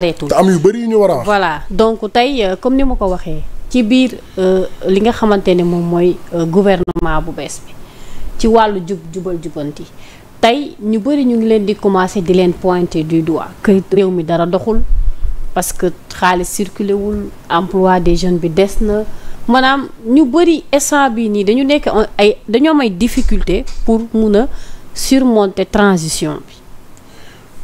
te am yu bëri yu ñu war voilà donc tey euh, comme ni ma ko waxee ci biir euh, li nga xamante ne moom mooy euh, gouvernement bu bees bi ci wàllu jub jubal jubanti tey ñu bëri ñu ngi leen di commencer di leen pointer du doigt que réew mi dara doxul parce que xaalis circulé wul emploi des jeunes bi des na maanaam ñu bëri instant bi nii dañu nekk ay dañoo am ay pour mun a surmonter transition bi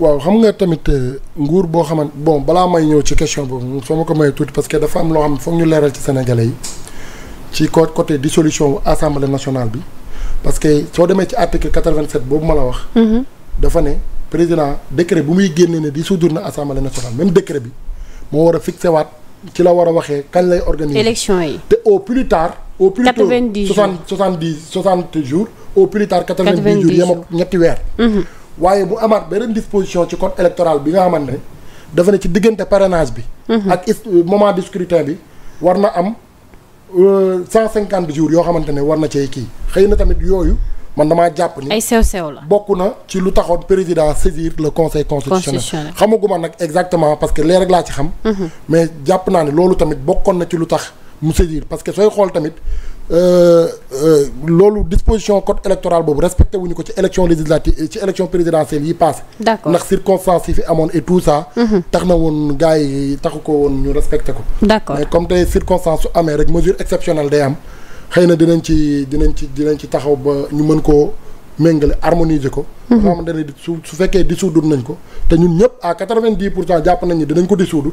waaw xam nga tamit euh, nguur boo xaman bon balaa may ñëw ci question boobu soo ma ko mayee tuuti parce que dafa am loo xam foog ñu leeral ci sénégalais yi ci côté dissolution wu assemblée nationale bi parce que soo demee ci article 87 boobu ma la wax. Mm-hmm. dafa ne président décret bu muy génnee ne dissoudre na assemblée nationale même décret bi moo war a fixé waat ci la war a waxee kañ lay organiser. élection yi te au plus tard. au plus tôt 70 jours tard. 90 weer. Mm-hmm. waaye mu amaat beneen disposition ci code électoral bi nga xamante ne dafa ne ci diggante parrainage bi. Mhm. ak euh, moment du scrutin bi war na am euh, cent cinquante jours yoo xamante ne war na cee kii xëy na tamit yooyu. man damaa jàpp ni ay sew sew la bokk na ci lu taxoon président saisir le conseil constitutionnel xamaguma nag exactement parce que lee rek laa ci xam mhm. mais jàpp naa ne loolu tamit bokkoon na ci lu tax mu saisir parce que sooy xool tamit Euh, euh, loolu disposition code électoral boobu respecté wuñu ko ci élection législative ci élection présidentielle yi passé d'accord ndax circonstances yi fi amoon et tout ça mhm. tax na woon gars taxu ko woon ñu respecté ko d'accord mais comme tey circonstance su amee rek mesure exceptionnelle day am xëy dinañ ci dinañ ci ci taxaw ba ñu mën koo méngale harmoniser ko nga mhm. xamante ne su su fekkee dissoudre nañ ko te ñun ñëpp à quatre-vingt-dix pour cent jàpp nañ ni dinañ ko dissoudre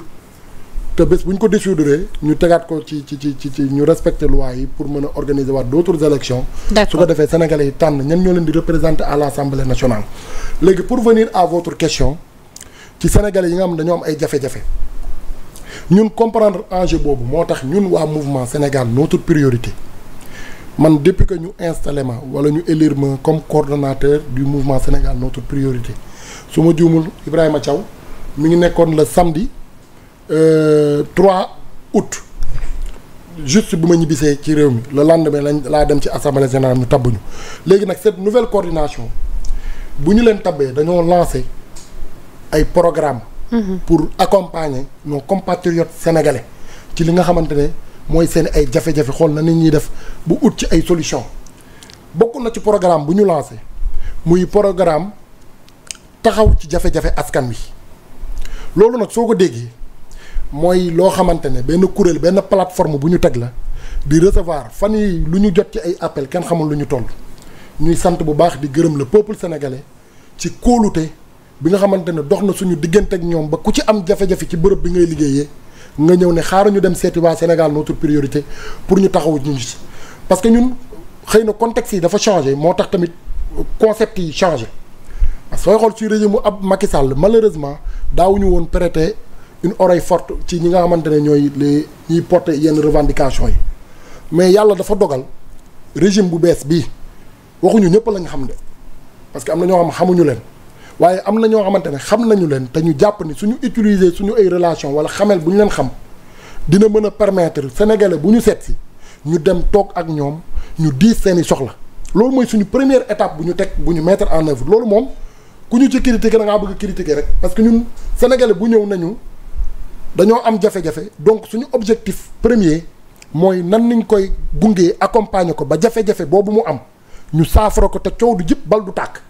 te bés bu ñu ko dissoudre ñu tegaat ko ci ci ci ci ñu respecter loi yi pour mën a organiser waat d' autres élections su ko defee sénégale yi tànn ñan ñoo leen di représenter à l' assemblée nationale léegi pour venir à votre question ci sénégalais yi nga xam ne dañoo am ay jafe-jafe ñun comprendre enjeu boobu moo tax ñun waa mouvement Sénégal notre priorité man depuis que ñu installément ma wala ñu élire ma comme coordonnateur du mouvement Sénégal notre priorité su ma juumul Ibrahima Thiaw mi ngi nekkoon le samedi 3 euh, août juste bu ma ñibbisee ci réew mi le lendemain lañ laa dem ci assemblée générale ñu tabbuñu léegi nag cette nouvelle coordination bu ñu leen tabbee dañoo lancé ay programme mhm. pour accompagner nos compatriotes sénégalais ci li nga xamante ne mooy seen ay jafe-jafe xool na nit ñuy def bu ut ci ay solution bokk na ci programme bu ñu lancé muy programme taxaw ci jafe-jafe askan wi loolu nag soo ko déggee mooy loo xamante ne benn kuréel benn plateforme bu ñu teg la di recevoir fan yi lu ñu jot ci ay appel kenn xamul lu ñu toll ñuy sant bu baax di gërëm la peuple sénégalais ci kóolute bi nga xamante ne dox na suñu diggante ak ñoom ba ku ci am jafe-jafe ci bërëb bi ngay liggéeyee nga ñëw ne ñu dem seeti waa Sénégal notre priorité pour ñu taxawu ñu ci parce que ñun xëy na contexte yi dafa changé moo tax tamit concept yi changé parce sooy xool ci régime bu ab Macky Sall malheureusement daawuñu woon prêter une oreille forte ci ñi nga xamante ne ñooy les ñiy porter yenn revendication yi mais yàlla dafa dogal régime bu bees bii waxuñu ñëpp la xam ne parce que am na ñoo xam xamuñu leen waaye am na ñoo xamante ne xam nañu leen te ñu jàpp ni suñu utiliser suñu ay relation wala xamel bu ñu leen xam dina mën a permettre sénégalais bu ñu seet si ñu dem toog ak ñoom ñu diis seeni soxla loolu mooy suñu première étape bu ñu teg bu ñu mettre en œuvre loolu moom ku ñu ci critiquer da ngaa bëgg critiquer rek parce que ñun sénégalais bu ñëw nañu. dañoo am jafe-jafe donc suñu objectif premier mooy nan niñ koy gungee accompagner ko ba jafe-jafe boobu mu am ñu saafara ko te coow du jib bal du tàkk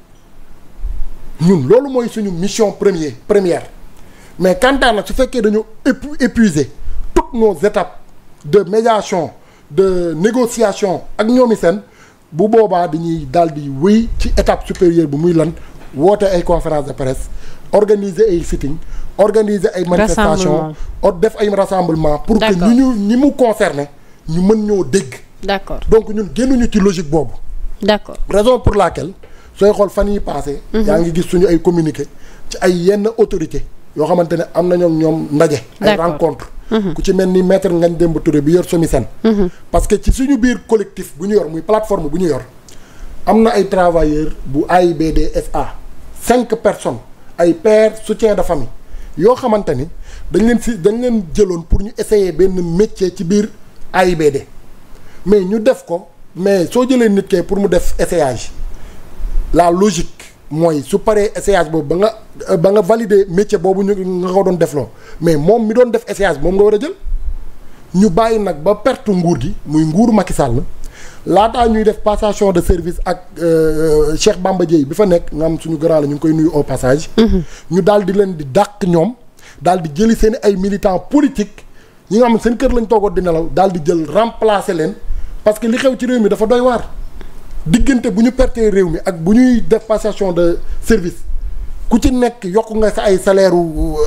ñun loolu mooy suñu mission premier première mais kantaan nag su fekkee dañoo épuiser toutes nos étapes de médiation de négociation ak ñoomi seen bu boobaa dañuy daal di wéy ci étape supérieure bu muy lan woote ay conférence de presse organiser ay sitting organiser ay manifestation or def ay rassemblement pour que ñu ñu ñi mu concerné ñu mën ñoo dégg d'accord donc ñun génnuñu ci logique boobu d'accord raison pour laquelle sooy xool fan yi passé mhm. yaa ngi gis suñu ay communiqué ci ay yenn autorité yoo xamante ne am na ñoom ñoom ndaje ay rencontre mhm. ku ci mel ni maître Ngagne Demba Touré bi yor SOMISEN mhm. parce que ci suñu biir collectif bu ñu yor muy plateforme bu ñu yor am na ay travailleurs bu AIBD SA cinq personnes ay pères soutien de famille yoo xamante ni dañ leen si dañ leen jëloon pour ñu essayer benn métier ci biir AIBD mais ñu def ko mais soo jëlee nit kee pour mu def essayage la logique mooy su paree essayage boobu ba nga ba nga valider métier boobu ñu nga ko doon defloo mais moom mi doon def essayage moom nga war a jël ñu bàyyi nag ba perte nguur gi muy nguur Macky Sall laata ñuy def passation de service ak euh, Cheikh Bamba Dièye bi fa nekk nga am suñu grand la ñu ngi koy nuyu au passage. Mhm. ñu daal di leen di dàq ñoom daal di jëli seen ay militants politiques ñi nga xam seen kër lañ toogoon di nelaw daal di jël remplacer leen parce que li xew ci réew mi dafa doy waar diggante bu ñu pertee réew mi ak bu ñuy def passation de service. ku ci nekk yokk nga sa ay salaire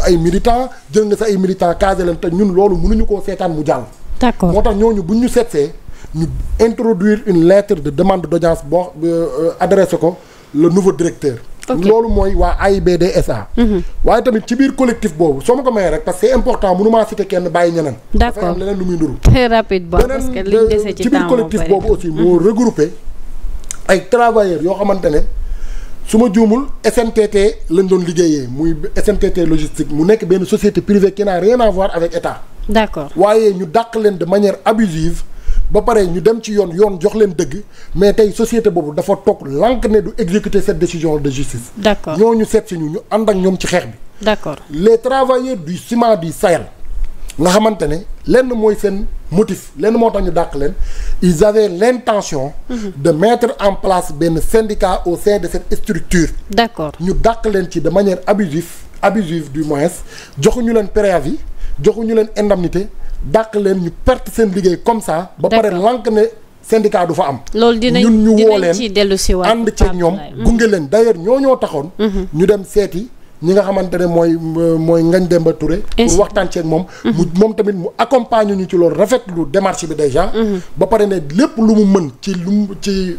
ay militan jël nga sa ay militants casé leen te ñun loolu mënuñu koo seetaan mu jàll. d'accord moo tax ñooñu buñ ñu seetsee. ñu introduire une lettre de demande d'audience boo euh, adressé ko le nouveau directeur loolu mooy waa AIBD SA mhm. waaye tamit ci biir collectif boobu soo ma ko mayee rek parce que c'est important mënumaa citer kenn bàyyi ñeneen d'accord am leneen lu muy nduru très rapide parce que liñ ci biir collectif boobu aussi mhm. moo regroupé ay travailleurs yoo xamante ne su ma juumul SNTT lañ doon liggéeyee muy SNTT logistique mu nekk benn société privée qui n'a rien avec état d'accord waaye ñu dàq leen de manière abusive ba pare ñu dem ci yoon yoon jox leen dëgg mais tey société boobu dafa toog lànk ne du exécuter cette décision de justice. d'accord ñooñu seet si ñu ñu ànd ak ñoom ci xeex bi. d'accord les travailleurs du ciment du sayal nga xamante ne lenn mooy seen motif lenn moo tax ñu dàq leen ils leen l'intention mhm. de mettre en place benn syndicat au sein de cette structure. d'accord ñu dàq leen ci de manière abusive abusive du moins joxuñu leen préavis joxuñu leen indemnité. dàq leen ñu perte seen liggéey comme ça. ba pare lank ne syndicat fa am. loolu dinañ ñun ñu woo leen ànd ceeg ñoom gunge leen d' ailleurs ñoo ñoo taxoon. Mm-hmm. ñu dem seeti. ñi nga xamante ne mooy euh, mooy Ngagne Demba Touré. pour waxtaan ceeg moom. Mhm. mu moom tamit mu accompagner ñu ci loolu rafetlu démarche bi déjà. Mhm. ba pare ne lépp lu mu mën ci lu ci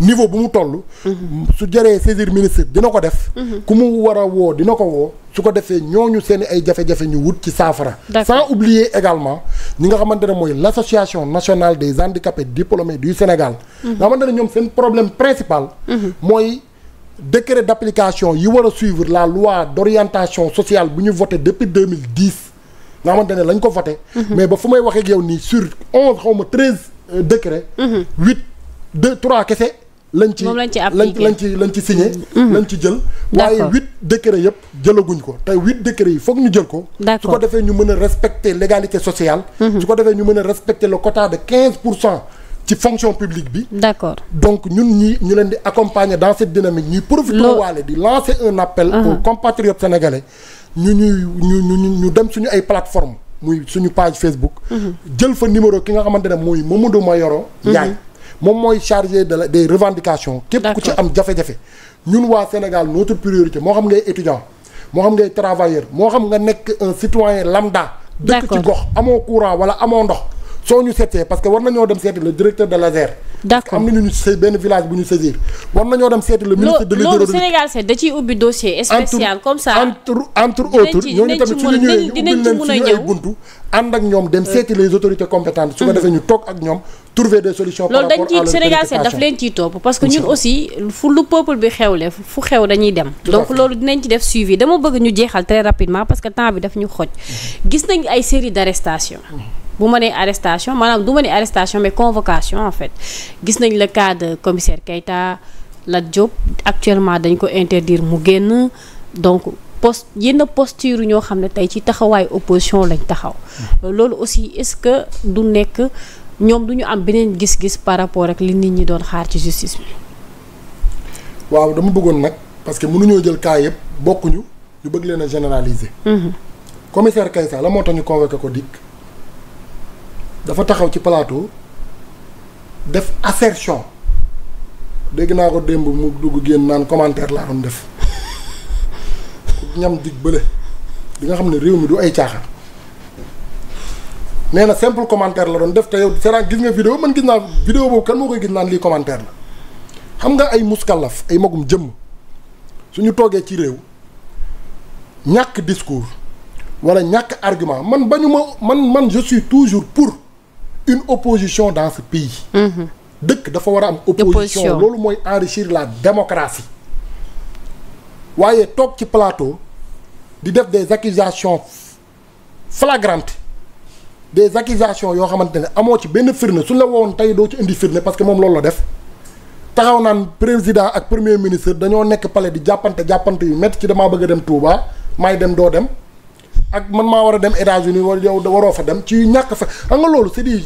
niveau bu mu toll. Mhm. su jëree saisir ministre dina ko def. ku mu war a woo dina ko woo. su ko defee ñooñu seen ay jafe-jafe ñu wut ci saafara. sans oublier également ñi nga xamante ne mooy l' association nationale des handicapés diplômés du Sénégal. nga xamante ne ñoom seen problème principal. mooy décret d' application yi war a suivre la loi d' orientation sociale bu ñu voté depuis 2010 nga xamante ne lañ ko voté. Mhm. mais ba fu may waxee ak yow nii sur onze xaw ma treize euh, décret. Mhm. huit deux trois kese. lañ ci lañ ci lañ ci lañ ci signé. Mhm. lañ ci jël. waaye huit décret yëpp jëlaguñ ko te huit décret yi foog ñu jël ko. su ko defee ñu mën a respecter l'égalité sociale. su ko defee ñu mën a respecter le quota de quinze pour cent. ci fonction publique bi. d'accord donc ñun ñu ñu leen di accompagner dans cette dynamique ñuy profité waale di lancer un appel. Uh-huh. aux compatriotes sénégalais ñu ñuy ñu ñu ñu dem suñu ay plateformes muy suñu page Facebook. Uh-huh. jël fa numéro ki nga xamante ne mooy Mamadou yoro uh-huh. Ndiaye. moom mooy chargé de la des revendications. képp ku ci am jafe-jafe. ñun waa Sénégal notre priorité moo xam ngay étudiant moo xam ngay travailleur moo xam nga nekk un citoyen lambda. dëkk amoo courant wala amoo ndox. soo ñu seetee parce que war nañoo dem seeti le directeur de l'ASER. d'accord am na ñu ci benn village bu ñu saisir war nañoo dem seeti le ministre de l'hydraulique loolu Sénégal c'est da ciy ubbi dossier spécial comme ça entre entre autres ñooñu tamit suñu ñëwee ubbil leen suñu ay buntu ànd ak ñoom dem euh. seeti ñu toog loolu dinañ ci def suivi dama bëgg ñu jeexal très rapidement parce que temps bi daf ñu xoj mmh. gis nañ ay série d'arrestations mmh. bu ma nee arrestation maanaam du ma nee arrestation mais convocation en fait gis nañ le cas de commissaire Keita Lat Diop actuellement dañ ko interdire mu génn donc post yenn posture ñoo xam ne tey ci taxawaayu opposition lañ taxaw hmm. loolu aussi est-ce que du nekk ñoom du ñu am beneen gis-gis par rapport ak li nit ñi doon xaar ci justice bi. waaw dama bëggoon nag parce que mënuñoo jël cas yëpp bokkuñu ñu bëgg leen a hmm. commissaire Keita la moo tax ñu convoqué ko dikk. dafa taxaw ci plateau def assertion dégg naa ko démb mu dugg génn naan commentaire laa doon def ñam dig bële di nga xam ne réew mi du ay caaxaan nee na simple commentaire la doon def te yow seraan gis nga vidéo man gis naa vidéo boobu kan moo koy gis naan lii commentaire la xam nga ay muskalaf ay magum jëm su ñu toogee ci réew ñàkk discours walla ñàkk argument man bañu ma man man je suis toujours pour une opposition dans ce pays. Mm-hmm. dëkk dafa war a am. opposition loolu mooy enrichir la démocratie. waaye toog ci plateau di def des accusations flagrantes des accusations yoo xamante ni amoo ci benn firnde su la woon tey doo ci indi firnde parce que moom loolu la def taxaw naan président ak premier ministre dañoo nekk palais di jàppante jàppante yu métti ci damaa bëgg a dem Touba may dem doo dem. ak man maa war a dem États-Unis wala yow waroo fa dem ci ñàkk fa am nga loolu c'est di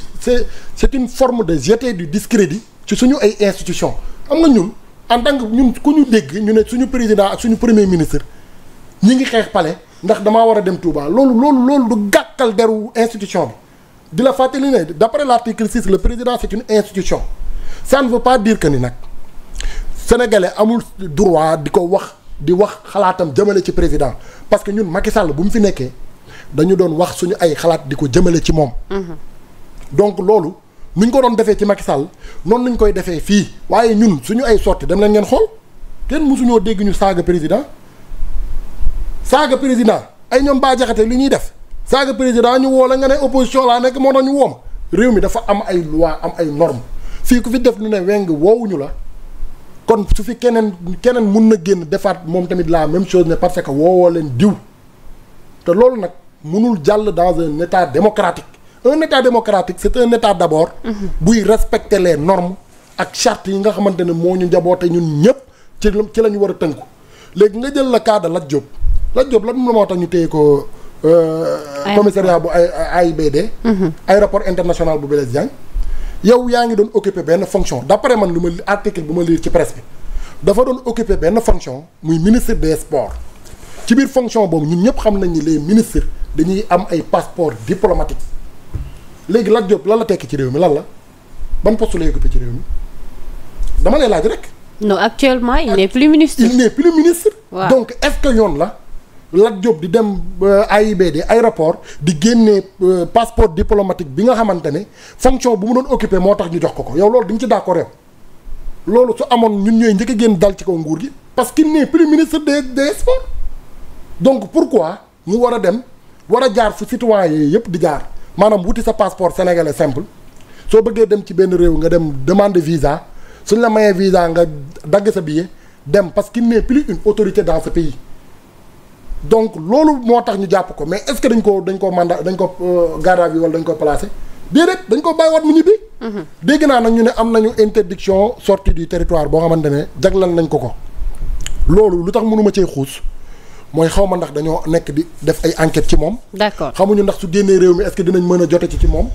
c'est une forme de jeter du discrédit ci suñu ay institution am nga ñun en tant que ñun ku ñu dégg ñu ne suñu président ak suñu premier ministre ñi ngi xeex pale ndax damaa war a dem Touba loolu loolu loolu du gàkkal deru institution bi di la fàttali ne d'après l'article la le président c'est une institution ça ne veut pas dire que ni nag sénégalais amul droit di ko wax di wax xalaatam jëmale ci président parce que ñun Macky Sall bu mu fi nekkee dañu doon wax suñu ay xalaat di ko jëmale ci moom. Mhm. donc loolu nuñ ko doon defee ci Macky Sall noonu lañ koy defee fii waaye ñun suñu ay sorti dem leen ngeen xool kenn mësuñoo dégg ñu saaga président saaga président ay ñoom baa jaxate li ñuy def saaga président ñu woo la nga ne opposition laa nekk moo tax ñu woom réew mi dafa am ay loi am ay normes fii ku fi def lu ne weng woowuñu la. kon su fi keneen keneen mun na génn defaat moom tamit la même chose ne parce que woowoo leen diw te loolu nag munul jàll dans un état démocratique un état démocratique c'est un état d'abord mhm. buy respecte les norme ak charte yi nga xamante ne moo ñu njaboote ñun ñëpp ci ci la ñu war a tënku léegi nga jël la cas de Lat Diop lan moo tax ñu téye ko euh, commissariat bu ay AIBD mhm. aéroport international bu Blaise Diagne yow yaa ngi doon occuper benn fonction d'après man lu ma article bu ma lire ci presse dafa doon occuper benn fonction muy ministre des sports ci biir fonction boobu ñun ñëpp xam nañ ni les ministres dañuy am ay passeport diplomatique léegi Lat Diop lan la tekki ci réew mi lan la ban poste lay occupé ci réew mi dama ne laaj rek. non actuellement il n'est plus ministre. il n'est plus ministre. donc est que yoon la. Lat Diop di dem ay euh, AIBD aéroport di génne euh, passeport diplomatique bi nga xamante ne fonction bu mu doon occupé moo tax ñu jox ko ko yow loolu di nga ci d'accord yow loolu su amoon ñun ñooy njëkk a génn dal ci kaw nguur gi parce qu'il n'est plus ministre des des sports donc pourquoi mu war a dem war a jaar fu citoyen yi yëpp di jaar maanaam wuti sa passeport sénégalais simple soo bëggee dem ci benn réew nga dem demande visa suñ la mayee visa nga dagg sa billet dem parce qu'il n'est plus une autorité dans ce donc loolu moo tax ñu jàpp ko mais est que dañ ko dañ ko mandat dañ ko euh, garde à vue dañ ko placé déedéet dañ ko bàyyiwaat mu ñibbi. Mhm. dégg naa nag ñu ne am nañu interdiction sortie du territoire boo xamante ne jaglal nañ ko ko loolu lu tax mënuma cee xuus mooy xaw ma ndax dañoo nekk di def ay enquête ci moom. d'accord xamuñu ndax su génnee réew mi est-ce dinañ mën a jote ci ci moom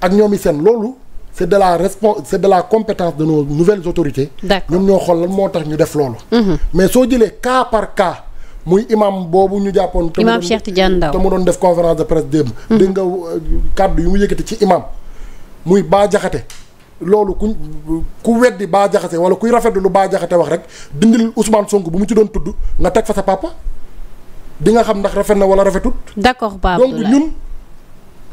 ak ñoom i seen loolu. c'est de la respons c'est de la compétence de nos nouvelles autorités. d'accord ñoo xool lan moo tax ñu def loolu. Mhm. mais soo jëlee cas par cas. muy imaam boobu ñu jàppoon. imam Cheikh Tidiane Ndao te mu doon def conférence de presse démb. dégg nga euh, kàddu yu mu yëkkati ci imam muy baajaxate loolu ku ku weddi Bah Diakhaté wala kuy rafet lu Bah Diakhaté wax rek dindil Ousmane Sonko bu mu ci doon tudd nga teg fa sa papa di nga xam ndax rafet na wala rafetut. d'accord Pape donc ñun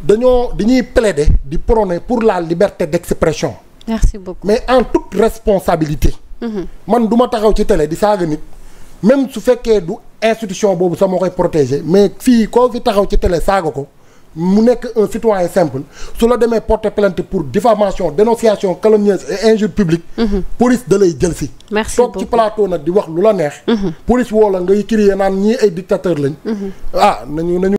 dañoo dañuy plaider di prôner pour la liberté d'expression. merci beaucoup mais en toute responsabilité. man du ma taxaw ci télé di saaga nit même su fekkee du. institution boobu sax moo koy protéger mais fii koo fi taxaw ci télé saaga ko mu nekk un citoyen simple su la demee porter plainte pour diffamation dénonciation calomnieuse injure publique. Mhm. police da lay jël si. toog ci plateau nag di wax lu la neex. Mhm. police woo la ngay crier naan ñii ay dictateur lañ. Mhm. ah nañu nañu.